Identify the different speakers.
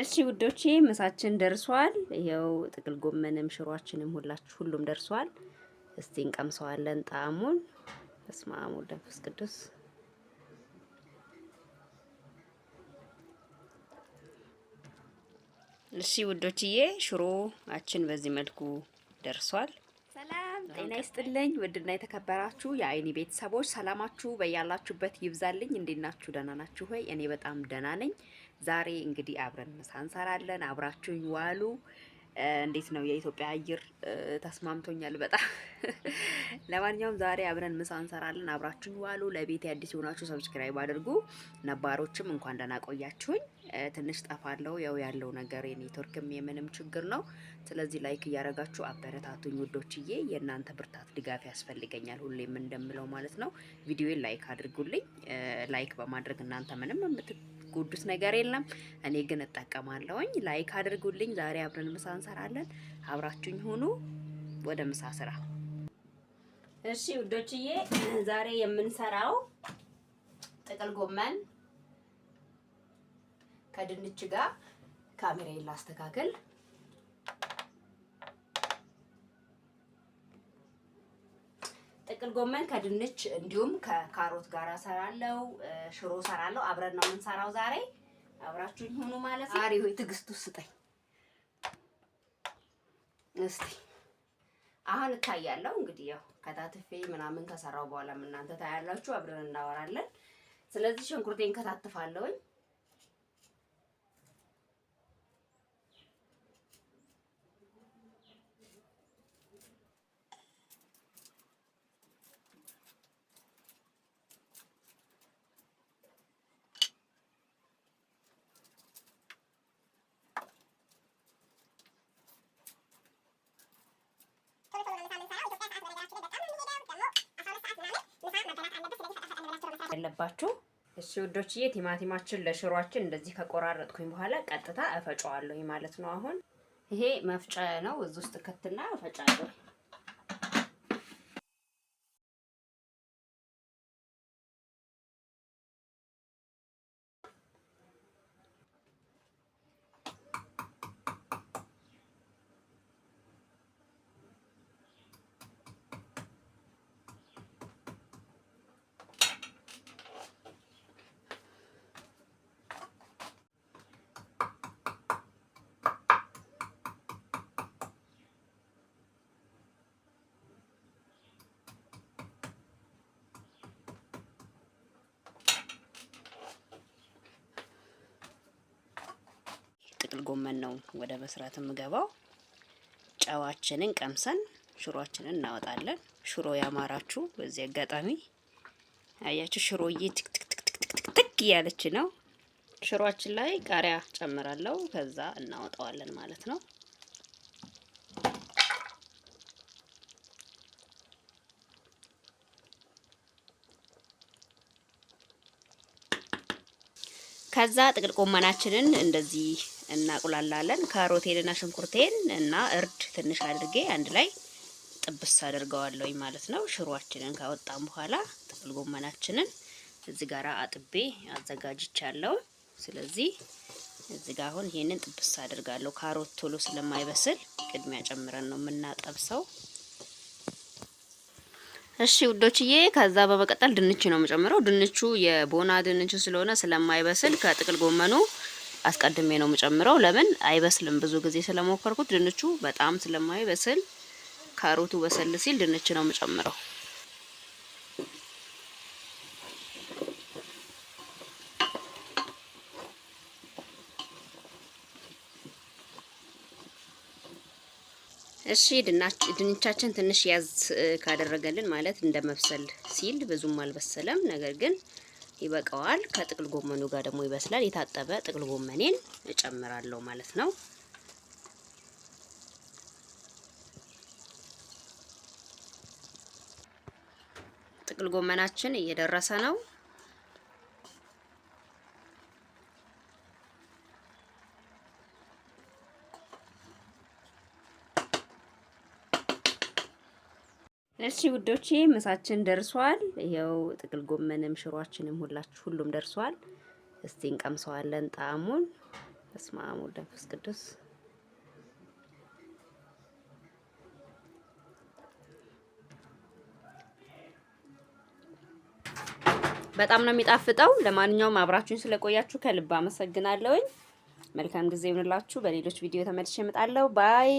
Speaker 1: እሺ ውዶቼ ምሳችን ደርሷል። ይኸው ጥቅል ጎመንም ሽሯችንም ሁላችሁ ሁሉም ደርሷል። እስቲ እንቀምሰዋለን ጣዕሙን። በስመ አብ ወወልድ ወመንፈስ ቅዱስ። እሺ ውዶችዬ ሽሮአችን በዚህ መልኩ ደርሷል። ሰላም ጤና ይስጥልኝ። ውድና የተከበራችሁ የአይኒ ቤተሰቦች ሰላማችሁ በያላችሁበት ይብዛልኝ። እንዴት ናችሁ? ደህና ናችሁ ሆይ? እኔ በጣም ደህና ነኝ። ዛሬ እንግዲህ አብረን ምሳ እንሰራለን። አብራችሁኝ ዋሉ። እንዴት ነው የኢትዮጵያ አየር ተስማምቶኛል በጣም ለማንኛውም ዛሬ አብረን ምሳ እንሰራለን። አብራችሁኝ ዋሉ። ለቤት አዲስ የሆናችሁ ሰብስክራይብ አድርጉ። ነባሮችም እንኳን ደህና ቆያችሁኝ። ትንሽ ጠፋለሁ፣ ያው ያለው ነገር የኔትወርክም የምንም ችግር ነው። ስለዚህ ላይክ እያደረጋችሁ አበረታቱኝ ውዶችዬ። የእናንተ ብርታት ድጋፍ ያስፈልገኛል፣ ሁሌም እንደምለው ማለት ነው። ቪዲዮን ላይክ አድርጉልኝ። ላይክ በማድረግ እናንተ ምንም የሚጎዱት ነገር የለም። እኔ ግን እጠቀማለሁኝ። ላይክ አድርጉልኝ። ዛሬ አብረን ምሳ እንሰራለን። አብራችሁኝ ሁኑ። ወደ ምሳ ስራ። እሺ ውዶችዬ፣ ዛሬ የምንሰራው ጥቅል ጎመን ከድንች ጋር ካሜራዬን ላስተካክል ጥቅል ጎመን ከድንች እንዲሁም ከካሮት ጋር ሰራለው፣ ሽሮ ሰራለው። አብረን ነው የምንሰራው ዛሬ። አብራችሁኝ ሁኑ ማለት ነው። ሆይ ትዕግስቱ ስጠኝ እስቲ። አሁን እታያለሁ እንግዲህ ያው ከታትፌ ምናምን ከሰራው በኋላ እናንተ ታያላችሁ። አብረን እናወራለን። ስለዚህ ሽንኩርቴን ከታትፋለሁኝ። ያለባችሁ። እሺ ውዶችዬ ቲማቲማችን ለሽሯችን እንደዚህ ከቆራረጥኩኝ በኋላ ቀጥታ እፈጫዋለሁ ማለት ነው። አሁን ይሄ መፍጫ ነው። እዚህ ውስጥ ከትና እፈጫለሁ። ጥቅል ጎመን ነው ወደ መስራት የምገባው። ጨዋችንን ቀምሰን ሽሮአችንን እናወጣለን። ሽሮ ያማራችሁ በዚህ አጋጣሚ አያችሁ፣ ሽሮዬ ትክትክትክትክትክ እያለች ነው። ሽሮአችን ላይ ቃሪያ ጨምራለሁ። ከዛ እናወጣዋለን ማለት ነው። ከዛ ጥቅል ጎመናችንን እንደዚህ እናቁላላለን። ካሮቴንና ሽንኩርቴን እና እርድ ትንሽ አድርጌ አንድ ላይ ጥብስ አድርገዋለሁኝ ማለት ነው። ሽሮአችንን ካወጣን በኋላ ጥቅል ጎመናችንን እዚህ ጋር አጥቤ አዘጋጅቻለሁ። ስለዚህ እዚህ ጋር አሁን ይሄንን ጥብስ አድርጋለሁ። ካሮት ቶሎ ስለማይበስል ቅድሚያ ጨምረን ነው የምናጠብሰው። እሺ ውዶችዬ፣ ከዛ በመቀጠል ድንች ነው የምጨምረው። ድንቹ የቦና ድንች ስለሆነ ስለማይበስል ከጥቅል ጎመኑ አስቀድሜ ነው የምጨምረው። ለምን አይበስልም? ብዙ ጊዜ ስለሞከርኩት ድንቹ በጣም ስለማይበስል ካሮቱ በሰል ሲል ድንች ነው የምጨምረው። እሺ ድንቻችን ትንሽ ያዝ ካደረገልን ማለት እንደ መብሰል ሲል ብዙም አልበሰለም፣ ነገር ግን ይበቃዋል። ከጥቅል ጎመኑ ጋር ደግሞ ይበስላል። የታጠበ ጥቅል ጎመኔን እጨምራለሁ ማለት ነው። ጥቅል ጎመናችን እየደረሰ ነው። እሺ ውዶቼ ምሳችን ደርሷል። ይኸው ጥቅል ጎመንም ሽሯችንም ሁላችሁ ሁሉም ደርሷል። እስቲ እንቀምሰዋለን ጣዕሙን። በስመ አብ ወወልድ ወመንፈስ ቅዱስ። በጣም ነው የሚጣፍጠው። ለማንኛውም አብራችሁኝ ስለቆያችሁ ከልብ አመሰግናለሁኝ። መልካም ጊዜ ይሁንላችሁ። በሌሎች ቪዲዮ ተመልሼ እመጣለሁ። ባይ